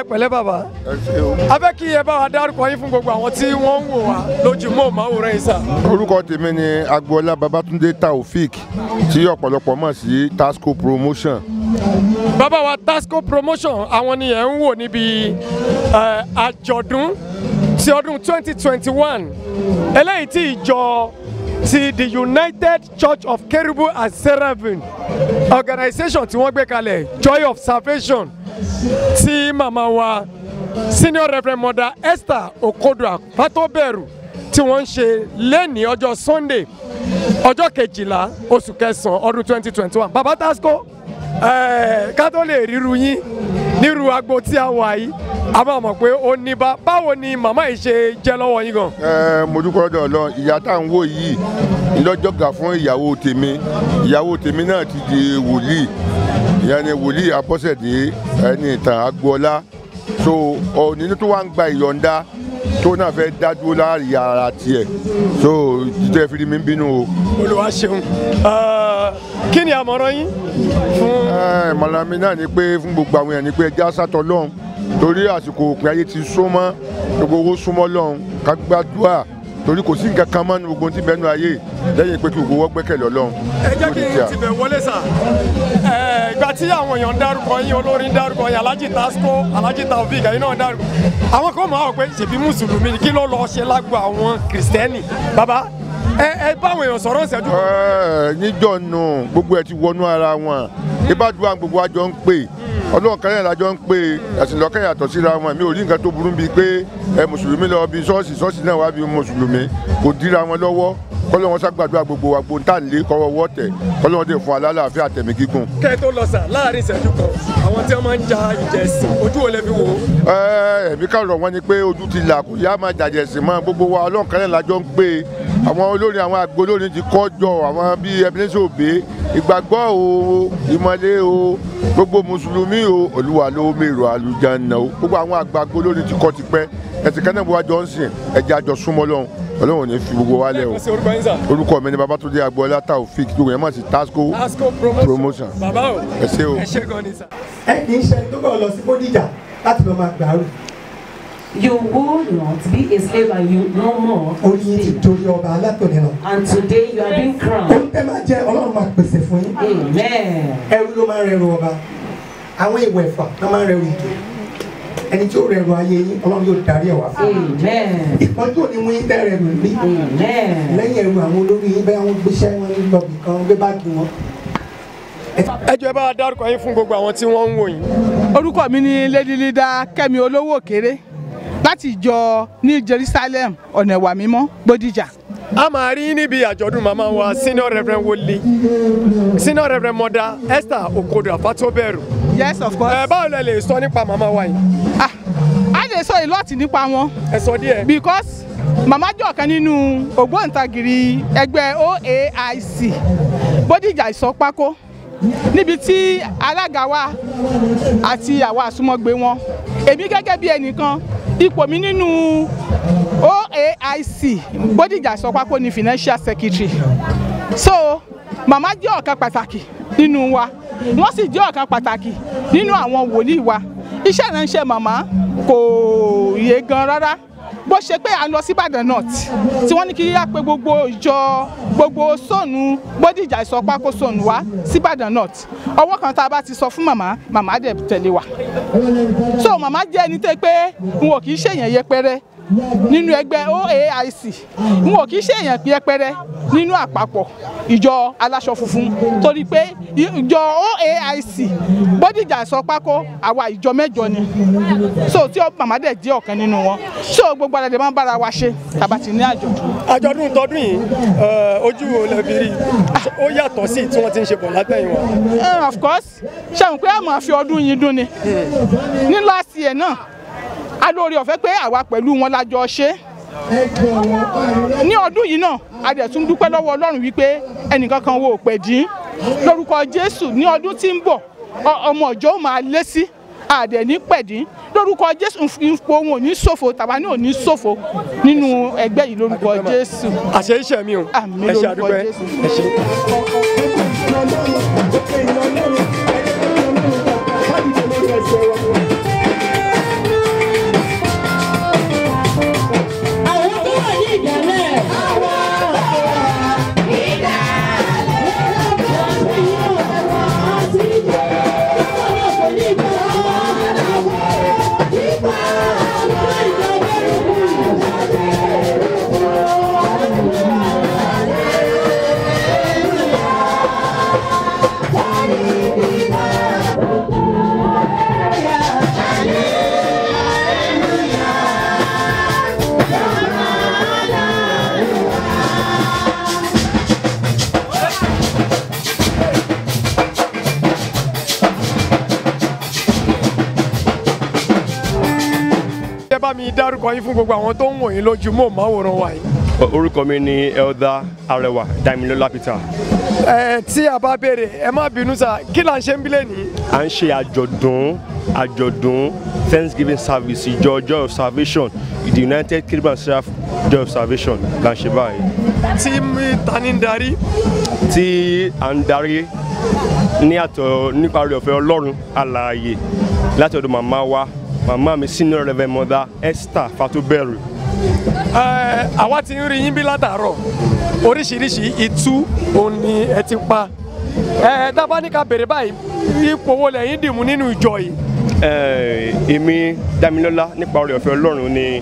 ẹ pẹ̀lẹ́ bàbá a fẹ́ kí ẹ bá wa dárúkọ yín fún gbogbo àwọn tí wọ́n ń wò wá lójúmọ́ màwòrán yìí sà. orúkọ tèmi ni agboola babatunde taofik tí ọ̀pọ̀lọpọ̀ mọ̀ sí tasco promotion. bàbá wa tasco promotion àwọn ni ẹ̀ ń wò níbi àjọ̀dún ti ọdún 2021 eléyìí tí ìjọ ti the United Church of Kerubu and Seraphim organization tí wọ́n gbé kalẹ̀ Joy of Salvation ti Mama wa senior reverend mother Esther Okodua Fatoberu tí wọ́n ń ṣe lẹ́ni ọjọ́ Sunday ọjọ́ kejìlá oṣù kẹsàn-án ọdún 2021 Baba Tasco. Eh, ká tó lè ríru yín nírú agbo tí a wà yìí a máa mọ̀ pé ó ní bá báwo ni màmá yìí ṣe jẹ́ lọ́wọ́ yín gan. Eh, mo dúpẹ́ lọ́dọ̀ lọ ìyá tá à ń wò yìí lọ́jọ́ gà fún ìyàwó tèmi ìyàwó tèmi náà ti di wòlíì ìyẹn ni wòlíì Abọ́sẹ̀dé ẹni ìtàn Agboola so ọ̀ nínú tó wá ń gba ìyọ̀ǹda tó náà fẹ́ dá dúró láàrin ara tiẹ̀ so títẹ́ fi mi bínú o. Olúwa ṣeun ah, kí ni àmọ̀ràn yín fún. ìmọ̀ràn eh, mi náà ni pé fún gbogbo àwọn èèyàn ni pé ẹja sátọ̀ lọ́hùn torí àsìkò òpin ayé ti súnmọ́ gbogbo owó súnmọ́ lọ́hùn ká torí kò sí nǹkan kan mọ́ ní gbogbo tí bẹ́ẹ̀ nù ayé lẹ́yìn pé kí gbogbo wọ́n gbẹ́kẹ̀lé ọlọ́run. ẹ jẹ́ kí n tibẹ̀ wọlé sà ìgbà tí àwọn èèyàn dárúkọ yín olórin dárúkọ yín Alhaji Tasco Alhaji Taofeek ẹ̀yin náà ń dárúkọ àwọn kan máa wọ pé ṣèbí mùsùlùmí kí ló lọ́ọ́ ṣe lágbo àwọn kìrìsìtẹ́nì bàbá ẹ ẹ báwọn èèyàn sọ̀rọ̀ ṣẹ́jú. ẹ níjọ nù gbogbo ẹ ti wọnú ara wọn ìbádùn gbogbo àjọ ń pè ọlọ́run kẹrìn àjọ ń pè ẹ̀sìn lọ́kàn yàtọ̀ síra wọn mi ò rí nǹkan tó burú bíi pé ẹ mùsùlùmí lọ bí ṣọ́ọ̀ṣì ṣọ́ọ̀ṣì náà wá bí mùsùlùmí kò díra wọn lọ́wọ́ kọ́lọ́ wọn ṣàgbàdúrà gbogbo wa gbogbo tá à ń lé kọ́wọ́ wọ́ tẹ̀ kọ́lọ́ wọn dé fún alálàáfíà tẹ̀mí gígùn. kẹ́ ẹ tó lọ sà láàrin ìṣẹ́jú kan àwọn tí wọ́n máa ń ja ìjẹ̀sìn ojú olè fi wò. ẹ ẹ̀mí kà rọ̀ wọ́n ni pé ojú ti là kò yá máa jàjẹ̀sìn mọ́ gbogbo wa ọlọ́run kẹrìn àjọ ń pè àwọn olórin àwọn àgbo olórin ti kọ́ jọ àwọn bíi Ebenezer Obey ìgbàgbọ́ o ìmọ̀lẹ́ o gbogbo mùsùlùmí o olúwa ló mèrò àlùjáná o gbogbo àwọn àgbàgbọ́ ti kọ́ tipẹ́ ẹ̀sìn kan bó wa jọ ń sìn ẹ̀jẹ̀ àjọ súnmọ́ lọ́hùn ọlọ́run ní fi gbogbo wa lẹ̀ o orúkọ mi ni Babátúndé Agboola Taofeek gbogbo yẹn mọ̀ sí tasco promotion ẹ ṣé o. ẹ kì í ṣe tó bá lọ sí Bódìjà láti lọ máa gbàrú You will not be a slave and you no more. Oyin ti torí ọba alátòní lọ. And today you are being crowned. Oúnjẹ máa jẹ Ọlọ́run máa pèsè fún yín. Amen. Ẹrú ló máa rẹrù ọba. Àwọn ìwẹ̀fà ló máa rẹrù ìdè. Ẹni tí ó rẹrù ayé yín Ọlọ́run yóò darí ẹ̀ wá Amen. Ìpọ́njú òní mú yín tẹ́rẹ̀ rù mí. Amen. Lẹ́yìn ẹrù àwọn olórí yín bẹ́ẹ̀ wọ́n gbéṣẹ́ wọn lọ bìkan gbé báàgì wọn ẹ jọ̀ọ́ bá wa dárúkọ yín fún gbogbo àwọn tí wọ́n ń wò yín. orúkọ mi ni lady leader Kẹ́mi Olówókéré láti ìjọ ní Jerusalem ọ̀nà ìwà mímọ́ Bódìjà. a máa rí níbi àjọ̀dún màmá wa senior reverend wọlé senior reverend mother Esther Okodo Afatoberu. yes of course. ẹ báwo lẹ lè sọ nípa màmá wa yìí. Ah, a lè sọ ìlú ọ̀tí nípa wọn. ẹ sọ díẹ̀. because màmá jẹ́ ọ̀kan nínú ògbóǹtagìrì ẹgbẹ́ OAIC Bódìjà ìsọpákó níbi tí alága wa àti àwa àsúmọ́gbé wọn èmi gẹ́gẹ́ bí ẹnìkan ipò mi nínú OAIC Bódìjà Sọpákó ni financial secretary so màmá jẹ́ ọ̀kan pàtàkì nínú wa wọ́n sì jẹ́ ọ̀kan pàtàkì nínú àwọn wòlíì wa iṣẹ́ ìránṣẹ́ màmá kò yé gan rárá bó ṣe pé à ń lọ sí Ìbàdàn north tí wọ́n ní kí á pé gbogbo ìjọ gbogbo sóònù Bódìjà ìsọpá kó sóònù wá sí Ìbàdàn north ọwọ́ kan tá a bá ti sọ fún màmá màmá dẹ̀ tẹ̀lé wa so màmá jẹ́ ẹni tẹ́ pé n ò kì í ṣèyàn yẹpẹrẹ nínú ẹgbẹ́ OAIC n ò kí ṣe èèyàn yẹpẹrẹ nínú àpapọ̀ ìjọ aláṣọ funfun torí pé ìjọ OAIC Bódìjà ìsọpákó àwa ìjọ mẹ́jọ ni so tí màmá dẹ̀ jẹ́ ọ̀kan nínú wọn so gbogbo alẹ́ máa ń bára wa ṣe tàbá ní àjọ̀dún. àjọ̀dún tọdún yìí eh, ojú wo lè fi rí ó yàtọ̀ sí tí wọ́n ti ń ṣe bọ̀ látẹ̀yìn wa. Eh, of course ṣe àwọn pé àmọ́ àfi ọdún yìí dún ni hmm. ní last year náà a lórí ọ̀fẹ́ pé àwa pẹ̀lú wọn la jọ ṣe ní ọdún yìí náà a dẹ̀ tún dúpẹ́ lọ́wọ́ Ọlọ́run wípé ẹnìkan kan wo òpè dín lórúkọ Jésù ní ọdún tí ń bọ̀ ọmọ ọjọ́ máa lé sí àdẹ̀ ní pẹ̀dín lórúkọ Jésù ipò wọn ò ní ṣòfò tàwa náà ò ní ṣòfò nínú ẹgbẹ́ yìí lórúkọ Jésù. àṣẹ iṣẹ́ mi o àmín lórúkọ Jésù. yín dárúkọ yín fún gbogbo àwọn tó ń wò yín lójú mọ́ máwòrán wa yìí. orúkọ mi ni elda arẹwà damilola peter. ẹ tí a bá béèrè ẹ má bínú sá kí là ń ṣe ń bílẹ̀ nìyí. à ń ṣe àjọ̀dún àjọ̀dún thanksgiving service ìjọ ọjọ́ of salvation the united kingdom seraph joy of salvation là ṣe báyìí. tí ta ni ń darí. tí à ń darí ní àtọ̀ nípa rẹ̀ ọ̀fẹ́ ọlọ́run alààyè láti ọ̀dọ̀ màmá wa màmá mi senior reverend mother Esther Fatuberu. àwa ti ń rí yín bí látàárọ̀ oríṣiríṣi itú òun ni ẹ ti pa dábàá ní ká bèrè báyìí ipò wo lẹ́yìn dìmú nínú ìjọ yìí. èmi Damilola. nípa oore ọ̀fẹ́ Ọlọ́run ni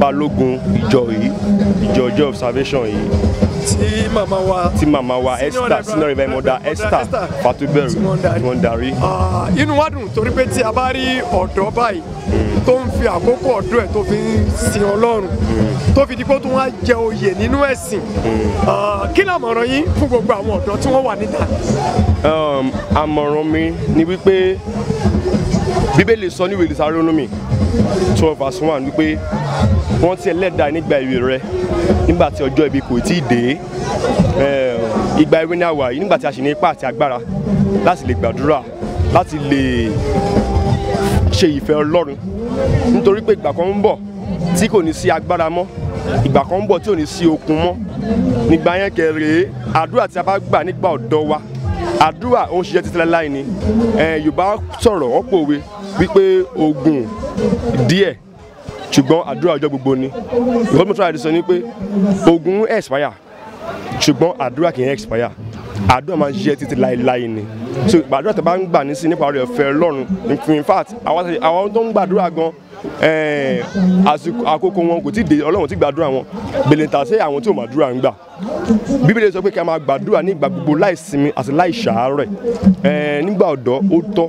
balógun ìjọ yìí ìjọ ọjọ́ observation yìí tí màmá wa tí màmá wa Esther senior reverend mother Esther Fatuberu tí wọ́n darí. Ah, inú wa dùn torí pé tí a bá rí ọ̀dọ́ báyìí tó ń fi àkókò ọ̀dọ́ ẹ̀ tó fi ń sin ọlọ́run tó fi di pé tó wá jẹ oyè nínú ẹ̀sìn hmm. ah, kí ni àmọ̀ràn yín fún gbogbo àwọn ọ̀dọ́ tí wọ́n wà níta. Um, àmọ̀ràn mi ni wípé bíbélì sọ níwèé Dísàrónómì twelve verse one wípé wọ́n ti ẹlẹ́dàá nígbà èwe rẹ nígbà tí ọjọ́ ibi kò tí ì dé um, ìgbà èwe ni a wà yìí nígbà tí a sì ní ipá àti agbára láti lè gbàdúrà láti lè ṣe ìfẹ́ ọlọ́run nítorí pé ìgbà kan ń bọ̀ tí kò ní sí agbára mọ́ ìgbà kan ń bọ̀ tí ò ní sí okun mọ́ nígbà yẹn kẹrèé àdúrà tí a bá gbà nígbà ọ̀dọ́ wa àdúrà ó ń ṣiṣẹ́ títí láéláé ni yorùbá sọ̀rọ̀ wọ́n pòwe wípé oògùn díẹ̀ ṣùgbọ́n àdúrà ọjọ́ gbogbo ni ìwọ́n mi tún àdìsọ ni pé oògùn expire ṣùgbọ́n àdúrà kì í expire àdúrà máa ń ṣiṣẹ́ títí láéláé ni so àdúrà tó bá ń gbà ní sí nípa ọ̀rẹ́ ọ̀fẹ́ Ọlọ́run in fact àwọn tó ń gbàdúrà gan-an àkókò wọn kò tí ì dé ọlọ́run ti gbàdúrà wọn bèlèǹtà sí àwọn tí ò máa dúrà ń gbà bíbélì sọ pé kí a máa gbàdúrà ní ìgbà gbogbo láì sinmi àti láì ṣàárẹ̀ nígbà ọ̀dọ́ ó tọ́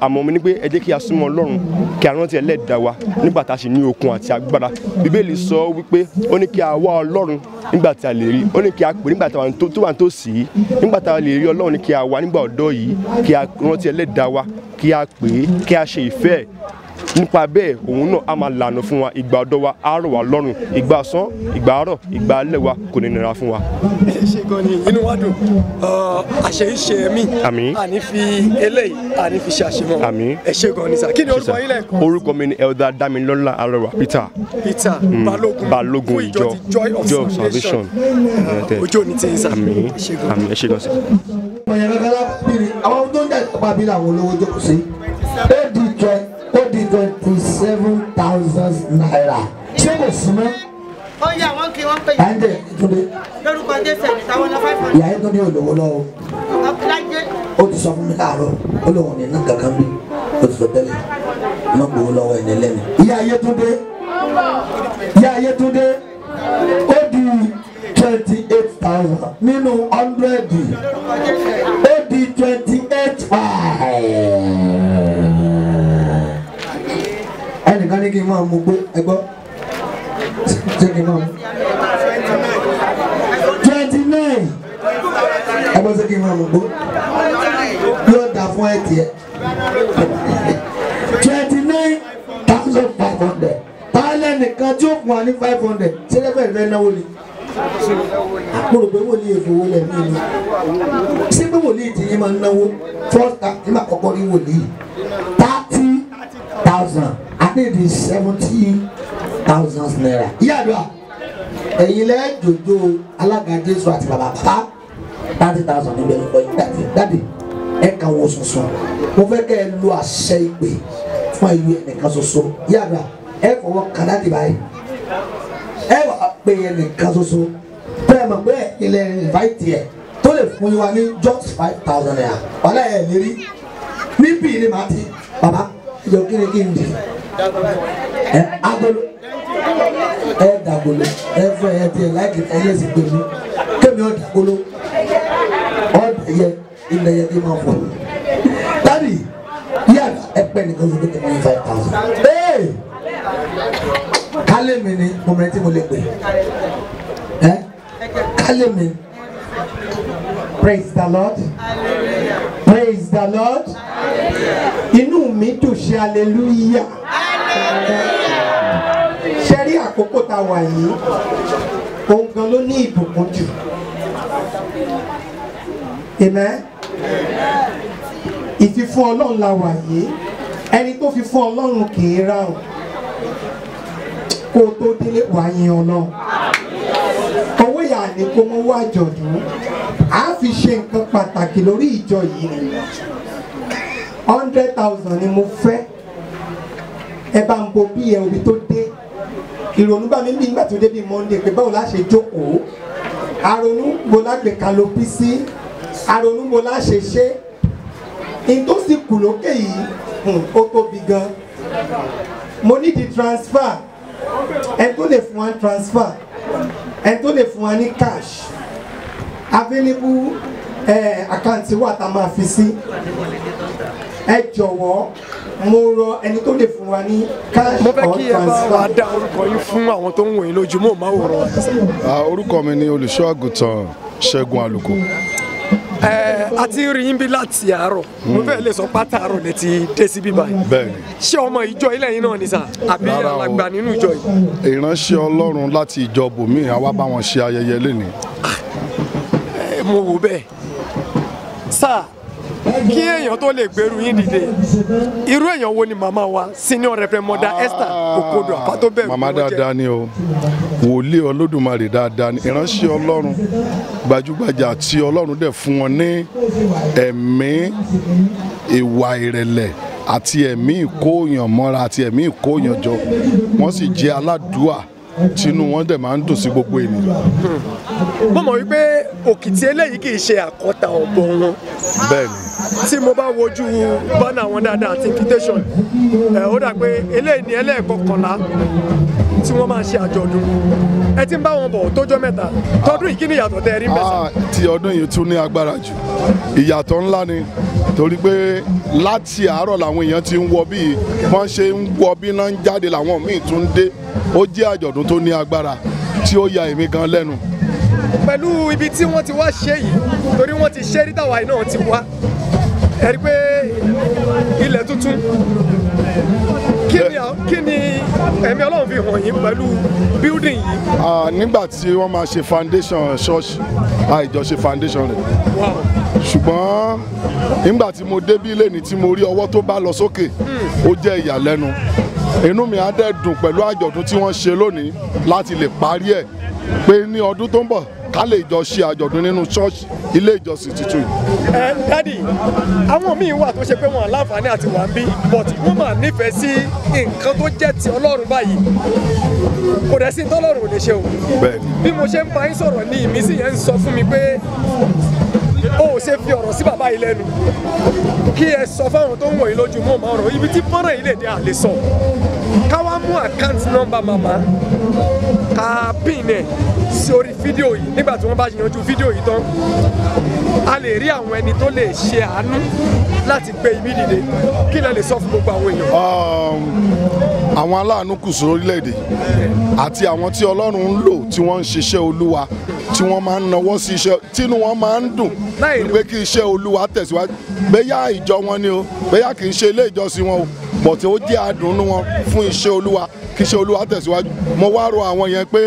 àmọ́ mi ní pé ẹ jẹ́ kí a súnmọ́ ọlọ́run kí a rántí ẹlẹ́dàá wa nígbà tá a ṣe ní okun àti agbára bíbélì sọ wípé ó ní kí a wá ọlọ́run nígbà tí a lè rí ó ní kí a pè nígbà tí tó wà tó sì í nígbà tí a lè rí ọlọ́run ní kí a wá nígbà ọ̀dọ́ yìí kí a rántí ẹlẹ́dàá wa kí a pè kí a ṣe ìfẹ́ nípa bẹ́ẹ̀ òun náà á máa lànà fún wa ìgbà ọ̀dọ́ wa á rọ̀ wá lọ́rùn ìgbà ọ̀sán ìgbà àárọ̀ ìgbà alẹ́ wa kò ní nira fún wa. ẹ ṣe gan ni inú wa dùn àṣeyíṣe mi àní fi eléyìí àní fi ṣe àṣemọ ẹ ṣe gan ni sà kí ni orúkọ yín lẹ́ẹ̀kan. orúkọ mi ni elder damilọla arẹwà peter. peter hmm. balogun balogun ìjọ joy of salvation. ojú òní ti ń sà ẹ ṣe gan sà. ọ̀yẹ̀mẹ̀fẹ̀ lápapìrì àwọn tó ń jà pàbí làwọn olówó ó di twenty seven thousand naira ṣé kò súnmọ́. ó yà wọ́n kí wọ́n pè é. àyíǹde túnde. lórúkọ jésù ẹ̀mí táwọn lọ five hundred. ìyá yín tó ní olówó lọ́wọ́. ọ̀kúnlájẹ. ó ti sọ fún mi láàárọ̀ ó lóun ní nǹkan kan bí ó ti sọ tẹ́lẹ̀ má gbowó lọ́wọ́ ẹ̀ nílẹ̀ mi. ìyá Yétúndé ìyá Yétúndé ó di twenty eight thousand nínú hundred ó di twenty eight five. kí n máa mú gbó ẹgbọ́ ṣé kí n máa mú. twenty nine ẹgbọ́ ṣé kí n máa mú gbó yóò dà fún ẹ tiẹ̀ twenty nine thousand five hundred tààlẹ̀ nìkan tí ó fún wa ní five hundred ṣé lẹ́fẹ̀ẹ́ fẹ́ náwó ni àpòrò pé wòlíì ìfowó lẹ̀ mí ni ṣé pé wòlíì ti yín máa ń náwó thousand time nígbà kọ́kọ́ rí wòlíì thirty thousand. I need the seventy thousand naira. Yàdùà ẹ̀yin lẹ́ jòjó alága Jésù àti bàbá bàbá thirty thousand níbẹ̀ lọ́kọ̀ yìí dàdí dàdí ẹ̀ kà wọ́n sọ̀sọ̀ mo fẹ́ kẹ́ ẹ lo àṣẹ ìpè fún ẹ̀yú ẹnìkan ṣoṣo yàdùà ẹ̀ fọwọ́ kan dàdí báyìí ẹ̀ wà pé ẹnìkan ṣoṣo bẹ́ẹ̀ mọ̀ pé ilẹ̀ ìfáìtì ẹ̀ tó lè fún yín wa ní just five thousand naira wàhálà ẹ̀ lérí níbí ni màá ti bàbá ìjọ kí ni kí n dì í ẹ agolo ẹ dàgbolo ẹ fún ẹ tiẹ láìkì ẹ yẹ sì gbèmí kémi ọ dàgbolo ọ dẹyẹ ilẹ̀ yẹ kí n máa fọ dadi yàrá ẹ pẹ́ nìkan fún mi kí n máa five thousand ee kálẹ̀ mi ni mo mẹ́rin tí mo lè pè ẹ kálẹ̀ mi praise the lord praise the lord inú mi dùn ṣe hallelujah ṣe rí àkókò tá a wà yìí òun gan ló ní ìbùkún jù àmín ìfifún ọlọ́run la wà yìí ẹni tó fi fún ọlọ́run kì í rà o kó o tó délé wàá ọlọ́run owó yà ní kó mọ́ wá àjọ̀dún á fi ṣe nǹkan pàtàkì lórí ìjọ yìí ni hundred thousand ni mo fẹ́ ẹ bá ń bo bí ẹ omi tó dé ìrònú bá mi ń bí nígbà tó dé bíi Monday pé báwo la ṣe jókòó àrònú mo lágbè kalopi sí àrònú mo la ṣe ṣe n tó sì kù lókè yìí ó tóbi gan mo ní di transfer ẹ tó lè fún wa transfer ẹ tó lè fún wa ní cash available àkáǹtì wà tá a máa fi sí ẹ jọ̀wọ́ mo rọ ẹni tó lè fún wa ní cash or transfer. mo fẹ́ kí ẹ bá wa dá orúkọ yín fún àwọn tó ń wòye lójúmọ́ máa wòrán. orúkọ mi ni olùṣọ́ àgùntàn ṣẹ́gun àlùkò. a ti rí yín bí láti àárọ̀ mo fẹ́ lè sọ pátá àárọ̀ lè ti dé síbí báyìí. bẹ́ẹ̀ni. ṣé ọmọ ìjọ ilé yín náà ni sà àbí alàgbà nínú ìjọ yìí. ìránṣẹ́ ọlọ́run láti ìjọ bòmíì àwa bá wọn ṣe ayẹyẹ lénìí. mo wò bẹ́ẹ̀ sáà kí èèyàn tó lè gbèrú yín dìde irú èèyàn wo ni màmá wa senior reverend mother ah, Esther Okodo Afatoberu. màmá dáadáa ni o wòlíì olódùmarè dáadáa ni ìránṣẹ́ ọlọ́run gbajúgbajà àti ọlọ́run dẹ̀ fún wọn ní ẹ̀mí ìwà ìrẹ̀lẹ̀ àti ẹ̀mí ìkóyàn mọ́ra àti ẹ̀mí ìkóyàn jọ wọ́n sì jẹ́ aládùúà tinú wọn dẹ̀ máa ń dùn sí gbogbo ènìyàn. Hmm. mo mọ̀ wípé òkìtì eléyìí kì í ṣe àkọta ọ̀bọ wọn. bẹ́ẹ̀ni. tí mo bá wojú bánà wọn dáadáa àti invitation ẹ ó dà pé eléyìí ni ẹlẹ́ẹ̀kọkànlá tí wọ́n máa ṣe àjọ̀dún ẹ ti ń bá wọn bọ̀ tójọ́ mẹ́ta tọdún yìí kí ni ìyàtọ̀ tẹ ẹ rí mẹ́sàn. Ah, ti ọdún yìí tún ní agbára jù ìyàtọ̀ ńlá ni torí pé láti àárọ̀ làwọn èèyàn ti ń wọ bí wọ́n ṣe ń wọ bí náà ń jáde làwọn míì tún ń dé ó jẹ́ àjọ̀dún tó ní agbára tí ó ya èmi gan lẹ́nu pẹ̀lú ibi tí wọ́n ti wá ṣe yìí torí wọ́n ti ṣe rí tàwa náà ti wá ẹ rí pé ilẹ̀ tuntun kí ni ẹ̀mí ọlọ́run fi hàn yín pẹ̀lú building yìí. nígbà tí wọ́n máa ṣe foundation church àìjọ ṣe foundation rẹ̀ ṣùgbọ́n nígbà tí mo débí ilé ni tí mo rí ọwọ́ tó bá lọ sókè hmm. ó jẹ́ ìyàlẹ́nu inú mi á dẹ̀ dùn pẹ̀lú àjọ̀dún tí wọ́n ṣe lónìí láti lè parí ẹ̀ pé ní ọdún tó ń bọ̀ ká lè jọ ṣe àjọ̀dún nínú ṣọ́ọ̀ṣì ilé ìjọsìn tuntun. ẹ dádì àwọn míín wà tó ṣe pé wọn láǹfààní àti wà ń bí but wọn máa nífẹ̀ẹ́ sí nǹkan tó jẹ́ ti ọlọ́run báyìí kò dẹ̀ sí tọ́lọ́run ò lè ṣe o. bí mo ṣe ń bá yín sọ̀rọ̀ ni ìmísí yẹn ń sọ fún mi pé ó ṣe fi ọ̀rọ̀ sí bàbá yìí lẹ́nu kí ẹ sọ fáwọn tó ń wọ̀nyí lójú mọ́ ọ̀rọ̀ ibi tí fọ́nrán yìí lè dé àlè mú àkáǹtì nọ́mbà màmá ká pin ẹ̀ sí fídíò yìí nígbà tí wọ́n bá yanjú fídíò yìí tán a lè rí àwọn ẹni tó lè ṣe àánú láti gbé ibi dìde kí lẹ lè sọ fún gbogbo àwọn èèyàn. Um, àwọn aláàánú kù sí orílẹ̀-èdè àti àwọn tí Ọlọ́run ń lò tí wọ́n ń ṣiṣẹ́ Olúwa tí wọ́n máa ń nawọ́ sí iṣẹ́ tínú wọn máa ń dùn pé kí iṣẹ́ Olúwa tẹ̀síwájú bẹ́yà ìjọ wọn ni o bẹ́yà kì í ṣe ilé ìjọsìn wọn o bọ̀ tí ó jẹ́ àdùnnú wọn fún iṣẹ́ olúwa kí iṣẹ́ olúwa tẹ̀síwájú mo wá rọ àwọn yẹn pé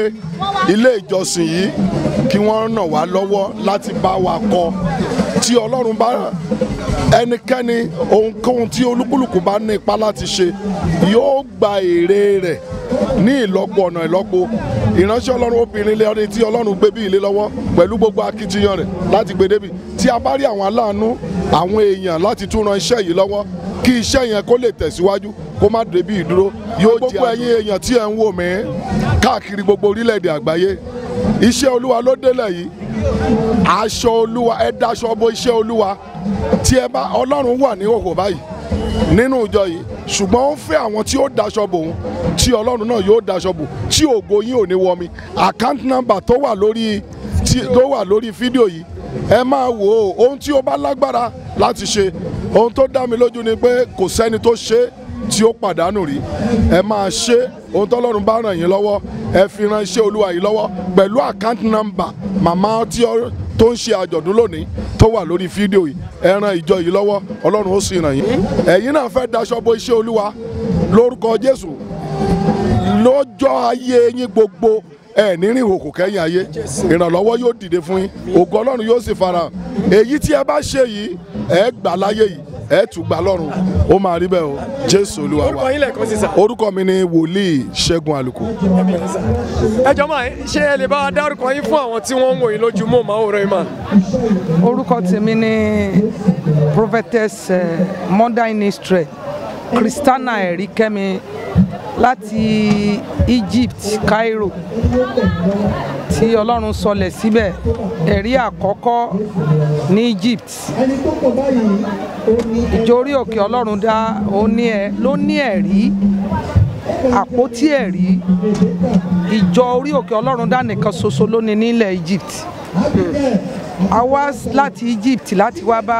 ilé ìjọsìn yìí kí wọ́n ràn wá lọ́wọ́ láti bá wa kọ tí ọlọ́run bá ẹnikẹ́ni ohunkóhun tí olúkúlùkù bá ní ipá láti ṣe yóò gba èrè rẹ̀ ní ìlọ́po ọ̀nà ìlọ́po ìránṣẹ́ ọlọ́run obìnrin lé ọdẹ tí ọlọ́run gbé bí ilé lọ́wọ́ pẹ̀lú gbogbo akitiyan rẹ̀ láti gbé débi tí a bá rí àwọn aláàánú àwọn èèyàn láti tún ran iṣẹ́ yìí lọ́wọ́ kí iṣẹ́ yẹn kó lè tẹ̀síwájú kó má débi ìdúró yóò jẹ́ gbogbo ẹ̀yin èèyàn tí ẹ̀ ń wò mí káàkiri gbogbo orílẹ̀-èdè àgbáyé iṣẹ́ olúwa ló délẹ̀ yìí aṣọ olúwa ẹ daṣọ bo iṣẹ́ olúwa tí ẹ bá ọlọ́run wà ní òkò báyìí nínú ìjọ yìí ṣùgbọ́n ó ń fẹ́ àwọn tí ó daṣọ bò ń tí ọlọ́run náà yóò daṣọ bò tí ògo yín ò ní wọmi account number tó wà lórí tó wà lórí fídíò yìí ẹ máa wò ó ohun tí ó bá lágbára láti ṣe ohun tó dá mi lójú ni pé kò sẹ́ni tó ṣe é tí ó pàdánù rí ẹ máa ṣe ohun tọ́lọ́run bá ràn yín lọ́wọ́ ẹ fi ran iṣẹ́ olúwa yìí lọ́wọ́ pẹ̀lú account number màmá tí tó ń ṣe àjọ̀dún lónìí tó wà lórí fídíò yìí ẹ ràn ìjọ yìí lọ́wọ́ ọlọ́run ó sì ràn yín ẹ̀yin náà fẹ́ daṣọ bo iṣẹ́ olúwa lórúkọ jésù lọ́jọ́ ayé yín gbogbo ẹ ní rìn òkò kẹ́yìn ayé ìrànlọ́wọ́ yóò dìde fún yín ògo ọlọ́run yóò sì farahàn èyí tí ẹ bá ṣe yìí ẹ gbà láyé yìí ẹ tù gbà lọ́rùn ó máa rí bẹ́ẹ̀ o jésù olúwa wa orúkọ mi ni wòlíì ṣẹ́gun àlùkò. ẹ jọ máa ṣe ẹ lè bá wa dárúkọ yín fún àwọn tí wọ́n ń wò yín lójú mọ́ màá rẹ̀ mà. orúkọ tèmi ni prophetess eh, mother in christiana ẹ̀rí láti Egypt Cairo tí Ọlọ́run sọlẹ̀ síbẹ̀ ẹ̀rí àkọ́kọ́ ní Egypt ìjórí òkè Ọlọ́run dá ló ní ẹ̀rí àpótí ẹ̀rí ìjọ orí òkè Ọlọ́run dá nìkan ṣoṣo ló ní nílẹ̀ Egypt a wá láti Egypt láti wá bá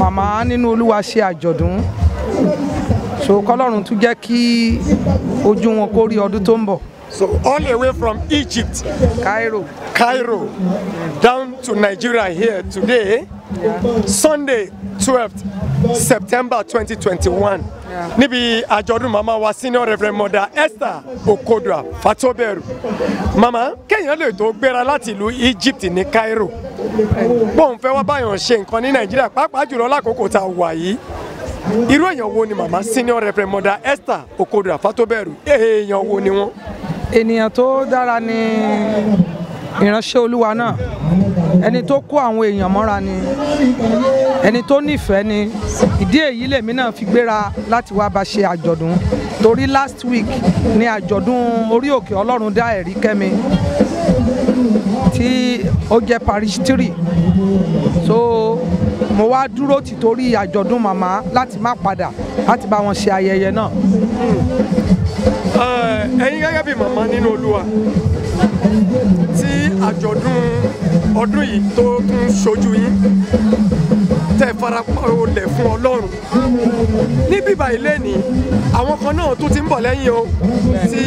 màmá nínú Olúwa ṣe àjọ̀dún so kọ́lọ́run tún jẹ́ kí ojú wọn kó rí ọdún tó ń bọ̀. So all the way from Egypt, Cairo, Cairo, down to Nigeria here today, yeah. Sunday 12th September 2021. Yeah. Níbi àjọ̀dún màmá wa senior reverend mother Esther Okodua Fatoberu. Mama, kéèyàn lè tó gbéra láti ìlú Egypt ní Cairo. Bóun fẹ́ wá báyọ̀ ṣe nǹkan ní Nàìjíríà pàápàá jùlọ lákòókò tá a wà yìí irú èèyàn wo ni màmá senior reverend mother Esther Okodra Fatoberu èèyàn wo ni wọ́n. ènìyàn tó dára ni ìránṣẹ́ olúwa náà ẹni tó kó àwọn èèyàn mọ́ra ni ẹni tó nífẹ̀ẹ́ ni ìdí èyí lèmi náà fi gbéra láti wá bá ṣe àjọ̀dún torí last week ni àjọ̀dún orí òkè ọlọ́run dá ẹ̀rí kẹ́mi tí ó jẹ́ parish three so mo wá dúró tìtorí àjọ̀dún màmá láti má padà láti bá wọn ṣe ayẹyẹ náà. ẹ̀yin gẹ́gẹ́ bí màmá nínú Olúwa tí àjọ̀dún ọdún yìí tó tún ṣojú yín tẹ farapolẹ̀ fún ọlọ́run ní bíbá ilé ni àwọn kan náà tún ti ń bọ̀ lẹ́yìn o tí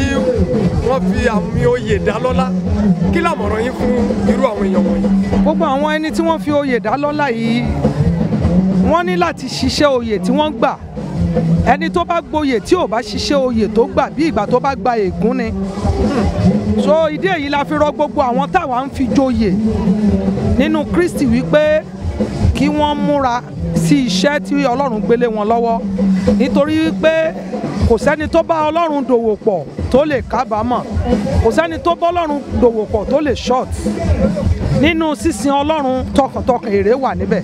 wọ́n fi àmì oyè dá lọ́lá kí làmọ̀ràn yín fún irú àwọn èèyàn wọ̀nyí. gbogbo àwọn ẹni tí wọ́n fi oyè dá lọ́lá yìí wọ́n ní láti ṣiṣẹ́ oyè tí wọ́n gbà ẹni tó bá gboyè tí ò bá ṣiṣẹ́ oyè tó gbà bí ìgbà tó bá gba ègún ni so ìdí èyí la fi rọ gbogbo àwọn táwa ń fi joyè nínú Kristi wípé kí wọ́n múra sí iṣẹ́ tí Ọlọ́run gbélé wọn lọ́wọ́ nítorí pé kò sẹ́ni tó bá ọlọ́run dòwò pọ̀ tó lè kábàámọ̀ kò sẹ́ni tó bá ọlọ́run dòwò pọ̀ tó lè short nínú sísin ọlọ́run tọkàntọkàn èrè wà níbẹ̀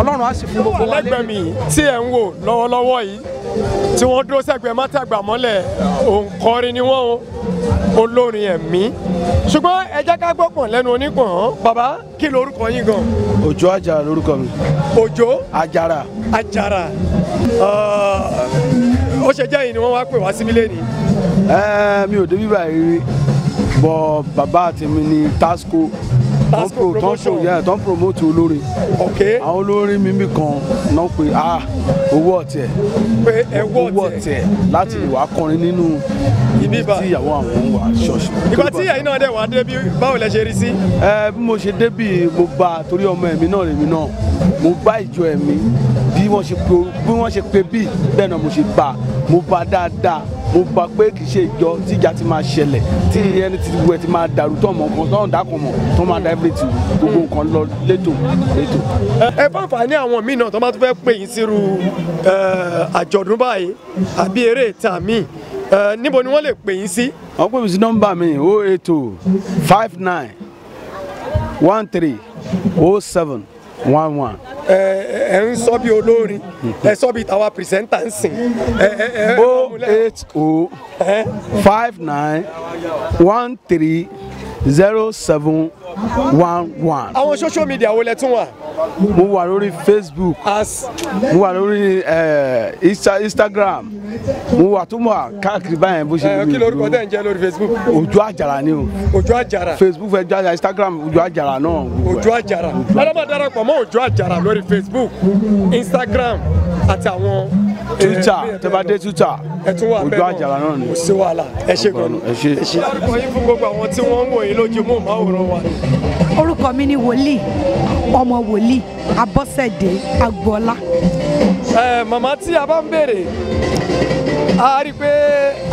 ọlọ́run á sì fún gbogbo wa lérè. mi tí ẹ ń wò lọ́wọ́lọ́wọ́ yìí tí wọ́n dúró sẹ́gbẹ̀ẹ́ mọ́tàgbà mọ́lẹ̀ òǹkọrin ni wọ́n o olórin ẹ̀mí ṣùgbọ́n ẹ jẹ́ ká gbọ́pọ̀n lẹ́nu onípọ̀n bàbá kí lorúkọ yín gan. Òjó Àjàrà lorúkọ mi. Òjó. Àjàrà. Àjàrà ó ṣe jẹ́ yìí ni wọ́n wá pè wá síbí lẹ́ni. mi ò débi báyìí rí bàbá àti mi ní tasco tán pro tán show yeah tán promote olórin ok àwọn olórin mi mi kan náà pé ah owó ọ̀tẹ̀ pé ẹwọ́ ọ̀tẹ̀ owó ọ̀tẹ̀ láti wà kọrin nínú ibi tí ìyàwó àwọn wà ṣọ́ọ̀ṣì. ìgbà tí ẹ̀yin náà dẹ̀ wá débi báwo lẹ ṣe rí sí. ẹ bí mo ṣe débi mo bá torí ọmọ ẹ̀mí náà lèmi náà mo bá ìjọ ẹ̀mí bí wọ́n ṣe pe bí bẹ́ẹ̀ náà mo ṣe bá mo bá dáadáa mo bá pé kì í ṣe ìjọ tíjà ti máa ṣẹlẹ̀ tí ẹni tí wẹ̀ ti máa dàrú tó mọ̀ nǹkan tó ń dákun mọ̀ tó máa dá everything gbogbo hmm. nǹkan lọ létò létò. ẹ bá àǹfààní àwọn míì náà tó máa tún fẹ́ pè yín sírú àjọ̀dún báyìí àbí eré ìtàn míì níbo ni wọ́n lè pè yín sí. wọ́n pè mí sí nọ́mbà mi o oh eight o oh five nine one three oh seven one one. ẹ ẹ ń sọ bí olórin ẹ sọ bí tàwa pìrìsẹ́ńtà ń sìn. o eight o five nine one three zero seven one one. àwọn social media wo lẹ tún wà. mo wà lórí facebook as mo wà lórí eh, instagram mo wà tó mọ káàkiri báyẹn bó ṣe eh, wù mí. kí lorúkọ tẹ̀ ń jẹ́ lórí facebook. Òjó Àjàrà ni o. Òjó Àjàrà. facebook fẹ́ jẹ́ instagram Òjó Àjàrà náà. Òjó Àjàrà alábàdàrà pọ̀ mọ́ Òjó Àjàrà lórí facebook instagram àti àwọn tuta tẹ bá dé tuta ojú àjàrà náà ni. ẹ ṣe gan ẹ ṣe. orúkọ yín fún gbogbo àwọn tí wọ́n ń wò lójú mọ́ màwòrán wa. orúkọ mi ni wòlíì ọmọ wòlíì abọ́sẹ̀dé agboola. ẹ màmá tí a bá ń béèrè a rí i pé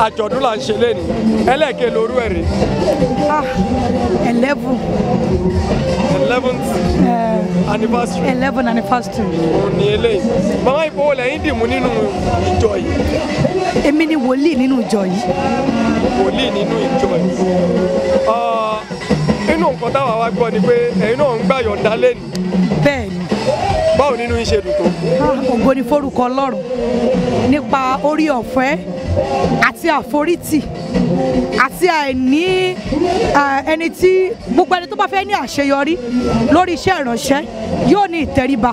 àjọ̀dún là ń ṣe lẹ́nu ẹlẹ́ẹ̀kẹ́ lorú ẹ̀ ah eleven eleventh anniversary. eleven anniversary. òun ni eléyìí màmá ìbò lẹ́yìn dìmú nínú ìjọ yìí. èmi ni wòlíì nínú ìjọ yìí. wòlíì joy. Ah, yìí. inú nǹkan táwa wá gbọ́ ni pé ẹ̀yin náà ń gbà yọ̀ǹda lẹ́nu. bẹ́ẹ̀ báwo nínú yín ṣe dùn tó. ògo ni forúkọ ọlọ́run nípa orí ọ̀fẹ́ àti àforítì àti àìní ẹni tí gbogbo ẹni tó bá fẹ́ ní àṣeyọrí lórí iṣẹ́ ìránṣẹ́ yóò ní ìtẹríba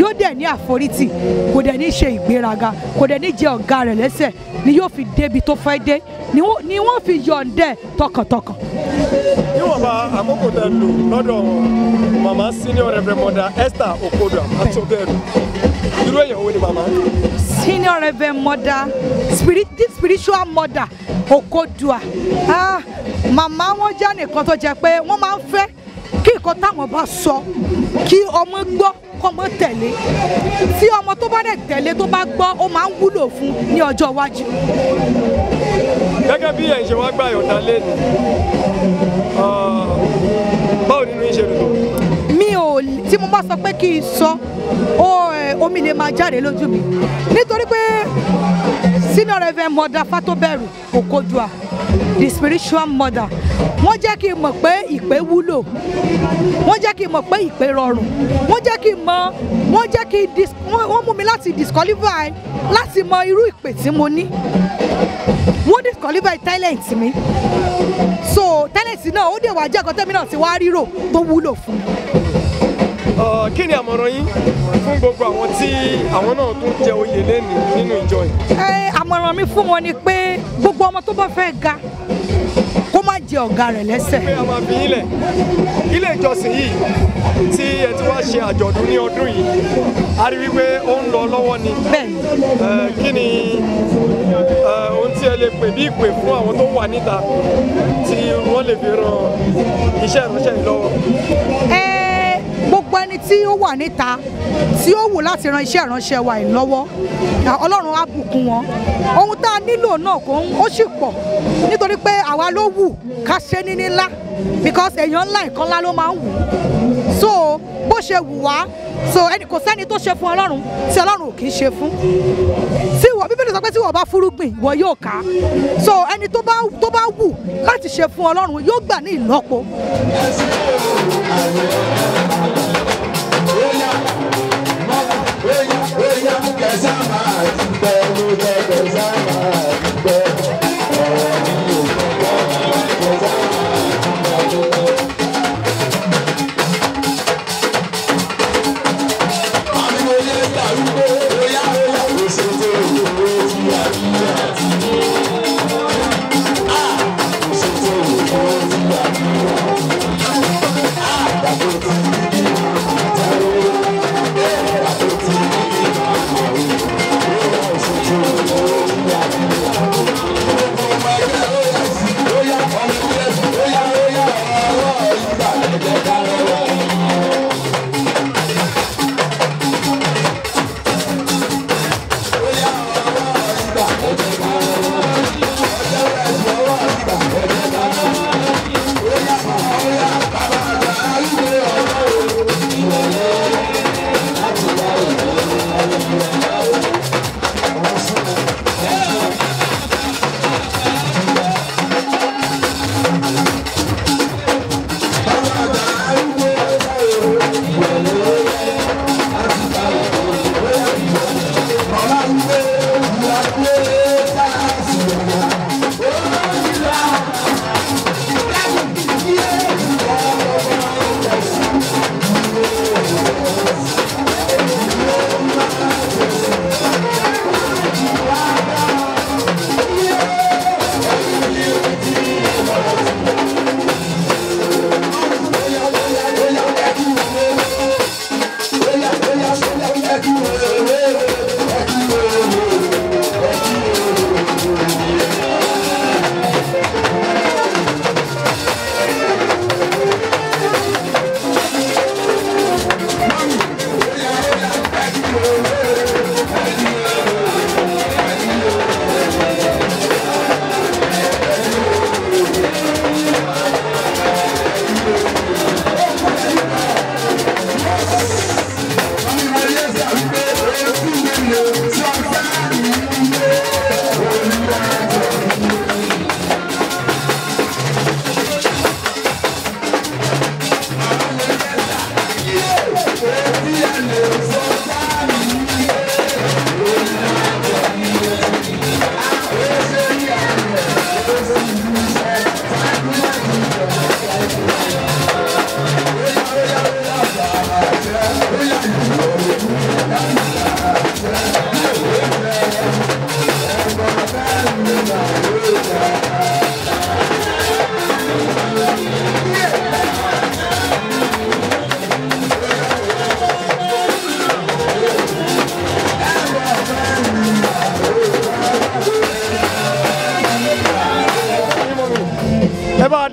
yóò dẹ̀ ní àforítì kò dẹ̀ ní ṣe ìgbéraga kò dẹ̀ ní jẹ ọ̀gá rẹ̀ lẹ́sẹ̀ ni yóò fi débi tó fẹ́ dé ni wọ́n fi yọ̀ǹdẹ̀ tọkàntọkàn níwọ̀nba àkókò tẹ lò lọ́dọ̀ Mama? senior reverend mother Esther Okoda atúndẹ̀rù irú èèyàn wo ni màmá. senior reverend mother spirit spiritual mother Okodua ah màmá wọn jẹ́ nìkan tó jẹ́ pé wọ́n máa ń fẹ́ kí nǹkan táwọn bá sọ kí ọmọ gbọ́ kọ́mọ tẹ̀lé tí ọmọ tó bá dẹ̀ tẹ̀lé tó bá gbọ́ ó máa ń wúlò fún ní ọjọ́ iwájú. gẹ́gẹ́ bí ẹ̀ṣẹ̀ wá gbà yọ̀dá lẹ́nu báwo nínú yín ṣe lò tó. mi ò tí mo bá sọ pé kí n sọ omi lè máa jáde lójú mi nítorí pé senior reverend mother fatobẹ̀rù Okodua the spiritual mother wọ́n jẹ́ kí n mọ̀ pé ìpè wúlò wọ́n jẹ́ kí n mọ̀ pé ìpè rọrùn wọ́n jẹ́ kí n mọ̀ wọ́n jẹ́ kí wọ́n mú mi láti disqualify láti mọ irú ìpè tí mo ní wọ́n disqualify talent mi so tẹ́lẹ̀sì náà ó dè wá jẹ́ ẹ̀kọ́tẹ́mí náà ti wá rírò tó wúlò fún un. kí ni àmọ̀ràn yín fún gbogbo àwọn tí àwọn náà tún jẹ oyè lẹ́nu nínú ìjọ yìí. àmọ̀ràn mi fún wọn ni pé gbogbo ọmọ tó bá fẹ́ ga kó má jẹ ọ̀gá rẹ̀ lẹ́sẹ̀. pé a máa fi ilẹ̀ ilé ìjọsìn yìí tí ẹ ti wá ṣe àjọ̀dún ní ọdún yìí a rí wípé ó ń lọ lọ́wọ́ ni. bẹ́ẹ̀ ni. kí ni Ah, ohun tí ẹ lè pè bí ìpè fún àwọn tó wà níta tí wọ́n lè fi ran iṣẹ́ ìránṣẹ́ yìí lọ́wọ́. ẹ gbogbo ẹni tí ó wà níta tí ó wù láti ran iṣẹ́ ìránṣẹ́ wa yìí lọ́wọ́ ọlọ́run á bùkún wọn ohun tá a nílò náà kò ń ó sì pọ̀ nítorí pé àwa ló wù ká ṣe ní ńlá because èèyàn ńlá ìkan ló máa ń wù so bó ṣe wù wá so kò sẹ́ni tó ṣe fún ọlọ́run tí ọlọ́run ò kì í ṣe fún tí wọ́n bíbélì sọ pé tí wọ́n bá fúrúgbìn wọ́n yóò ká so ẹni tó bá tó bá wù láti ṣe fún ọlọ́run yóò gbà ní ìlọ́po. Yeah.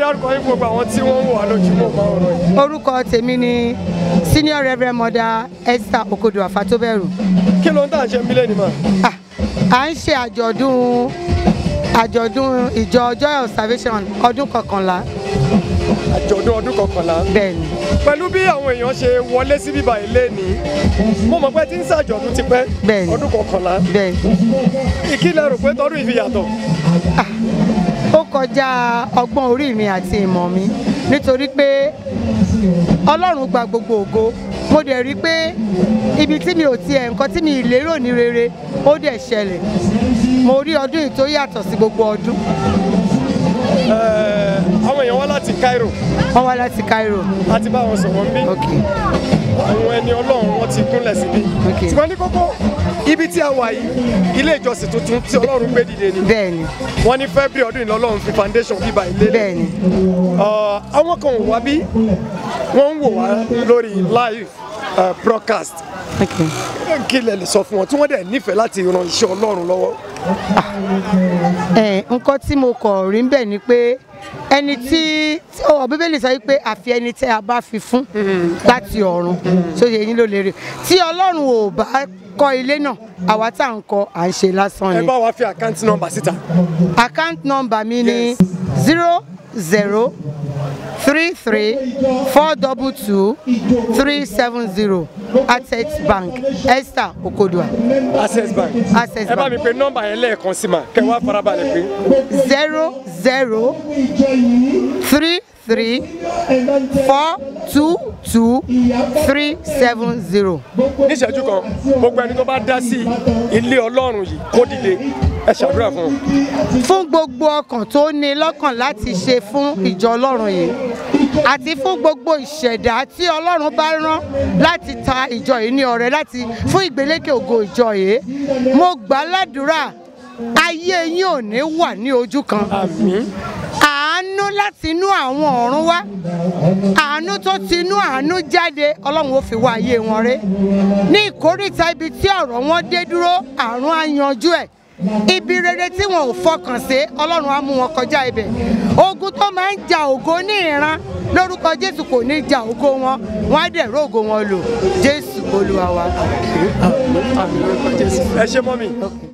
dárúkọ yín gbogbo àwọn tí wọ́n ń wà lójúmọ́ bá ọ̀rọ̀ yìí. orúkọ tèmi ni senior reverend mother esther okodo àfàtọ́bẹ̀rù. kí ló ń tà ṣe mílẹ̀ ni mà. à ń ṣe àjọ̀dún àjọ̀dún ìjọ joy of salvation ọdún kọkànlá àjọ̀dún ọdún kọkànlá. bẹ́ẹ̀ni. pẹ̀lú bí àwọn èèyàn ṣe wọlé sí bíbá ilé ni mo mọ̀ pé tí ń ṣàjọ̀dún ti pẹ́. bẹ́ẹ̀ni ọdún kọkànlá. bẹ́ẹ̀ni. ìkíni ẹ pé tọdún ìfìyàtọ̀ ó kọjá ọgbọ́n orí mi àti ìmọ̀ mi nítorí pé ọlọ́run gba gbogbo ògo mo dẹ̀ rí pé ibi tí mi ò tiẹ̀ nǹkan tí mi lérò ní rere ó dẹ̀ ṣẹlẹ̀ mo rí ọdún yìí tó yàtọ̀ sí gbogbo ọdún. àwọn èèyàn wá láti Cairo. wọ́n wá láti Cairo. a ti bá wọn sọ̀rọ̀ ń bí àwọn ẹni ọlọ́run wọn ti gúnlẹ̀ síbí ṣùgbọ́n ní kókó ibi tí a wà yìí ilé ìjọsìn tuntun tí ọlọ́run gbé dìde ni bẹ́ẹ̀ni wọ́n ní february ọdún yìí lọ́lọ́run fi foundation bíbá ilé bẹ́ẹ̀ni àwọn kan wà bí wọ́n ń wò wá lórí live uh, broadcast kí lẹ lè sọ fún wọn tí wọ́n dẹ̀ nífẹ̀ẹ́ láti ran iṣẹ́ ọlọ́run lọ́wọ́. Ah. Eh, nǹkan tí mo kọ̀ rí ń bẹ̀ ni pé ẹni tí ọ bíbélì sọ wípé àfi ẹni tẹ́ a bá fi fún hmm. láti ọ̀run sóye hmm. yín ló lè rí tí ọlọ́run ò bá kọ́ ilé náà àwa tá à ń kọ́ à ń ṣe lásán ni. ẹ bá wa fi àkáǹtì nọ́mbà síta. àkáǹtì nọ́mbà mi ni zero zero three three four double two three seven zero access bank esther okodua. access bank access bank ẹ bá mi pe nọ́mbà yẹn lẹ́ẹ̀kan sí ma kẹ wá farabalẹ̀ pé. zero zero three three four two two three seven zero. ní ìṣẹ́jú kan gbogbo ẹni tó bá dá sí ilé ọlọ́run yìí kó dìde ẹ ṣàdúrà fún un. fún gbogbo ọkàn tó ní lọ́kàn láti ṣe fún ìjọ ọlọ́run yìí àti fún gbogbo ìṣẹ̀dá tí ọlọ́run bá rán láti ta ìjọ yìí ní ọrẹ láti fún ìgbélékè ògo ìjọ yìí mo gbà ládùúrà ayé yín ò ní wà ní ojú kan. àmín àánú láti inú àwọn ọ̀run wá àánú tó ti inú àánú jáde ọlọ́run ó fi wá ayé wọn ré ní ìkórìtà ibi tí ọ̀rọ̀ wọn dé dúró àrùn á yanjú ẹ̀ ibi rere tí wọn ò fọkàn sí ọlọ́run á mú wọn kọjá ibẹ̀ ogun tó máa ń jà ògo ní ìran lórúkọ jésù kò ní jà ògo wọn wọn á dẹ̀ rógo wọn lò jésù olúwa wa. ẹ ṣé mọ́mì.